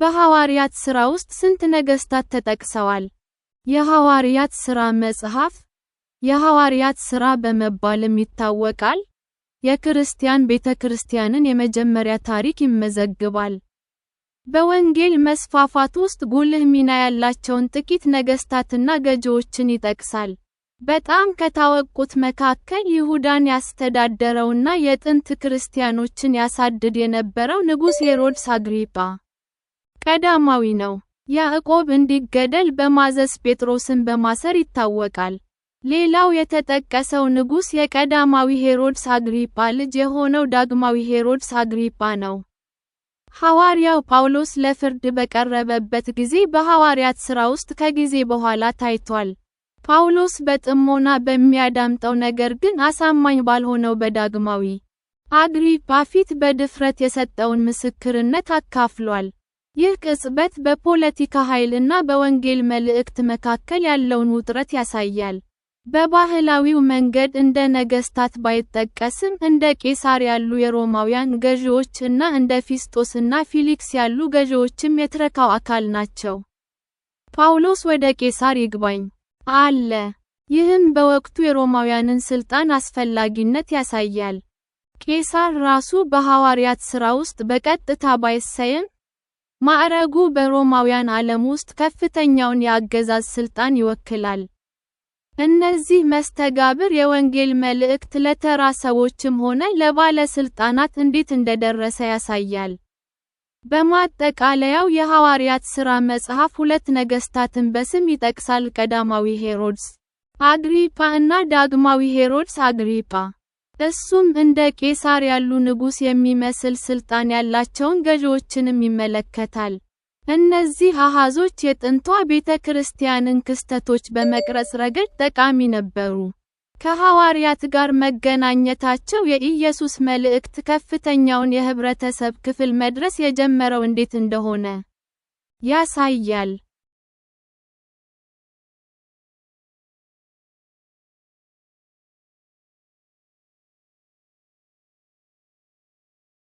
በሐዋርያት ሥራ ውስጥ ስንት ነገሥታት ተጠቅሰዋል? የሐዋርያት ሥራ መጽሐፍ የሐዋርያት ሥራ በመባልም ይታወቃል። የክርስቲያን ቤተ ክርስቲያንን የመጀመሪያ ታሪክ ይመዘግባል። በወንጌል መስፋፋት ውስጥ ጉልህ ሚና ያላቸውን ጥቂት ነገሥታትና ገዢዎችን ይጠቅሳል። በጣም ከታወቁት መካከል ይሁዳን ያስተዳደረውና የጥንት ክርስቲያኖችን ያሳድድ የነበረው ንጉሥ ሄሮድስ አግሪጳ ቀዳማዊ ነው። ያዕቆብ እንዲገደል በማዘዝ ጴጥሮስን በማሰር ይታወቃል። ሌላው የተጠቀሰው ንጉሥ የቀዳማዊ ሄሮድስ አግሪጳ ልጅ የሆነው ዳግማዊ ሄሮድስ አግሪጳ ነው። ሐዋርያው ጳውሎስ ለፍርድ በቀረበበት ጊዜ በሐዋርያት ሥራ ውስጥ ከጊዜ በኋላ ታይቷል። ጳውሎስ በጥሞና በሚያዳምጠው ነገር ግን አሳማኝ ባልሆነው በዳግማዊ አግሪጳ ፊት በድፍረት የሰጠውን ምስክርነት አካፍሏል። ይህ ቅጽበት በፖለቲካ ኃይል እና በወንጌል መልእክት መካከል ያለውን ውጥረት ያሳያል። በባህላዊው መንገድ እንደ ነገስታት ባይጠቀስም እንደ ቄሳር ያሉ የሮማውያን ገዢዎች እና እንደ ፊስጦስና ፊሊክስ ያሉ ገዢዎችም የትረካው አካል ናቸው። ጳውሎስ ወደ ቄሳር ይግባኝ አለ። ይህም በወቅቱ የሮማውያንን ስልጣን አስፈላጊነት ያሳያል። ቄሳር ራሱ በሐዋርያት ሥራ ውስጥ በቀጥታ ባይሰየም ማዕረጉ በሮማውያን ዓለም ውስጥ ከፍተኛውን የአገዛዝ ሥልጣን ይወክላል። እነዚህ መስተጋብር የወንጌል መልእክት ለተራ ሰዎችም ሆነ ለባለሥልጣናት እንዴት እንደደረሰ ያሳያል። በማጠቃለያው የሐዋርያት ሥራ መጽሐፍ ሁለት ነገሥታትን በስም ይጠቅሳል፤ ቀዳማዊ ሄሮድስ አግሪጳ እና ዳግማዊ ሄሮድስ አግሪጳ። እሱም እንደ ቄሳር ያሉ ንጉሥ የሚመስል ሥልጣን ያላቸውን ገዢዎችንም ይመለከታል። እነዚህ አሃዞች የጥንቷ ቤተ ክርስቲያንን ክስተቶች በመቅረጽ ረገድ ጠቃሚ ነበሩ። ከሐዋርያት ጋር መገናኘታቸው የኢየሱስ መልእክት ከፍተኛውን የኅብረተሰብ ክፍል መድረስ የጀመረው እንዴት እንደሆነ ያሳያል።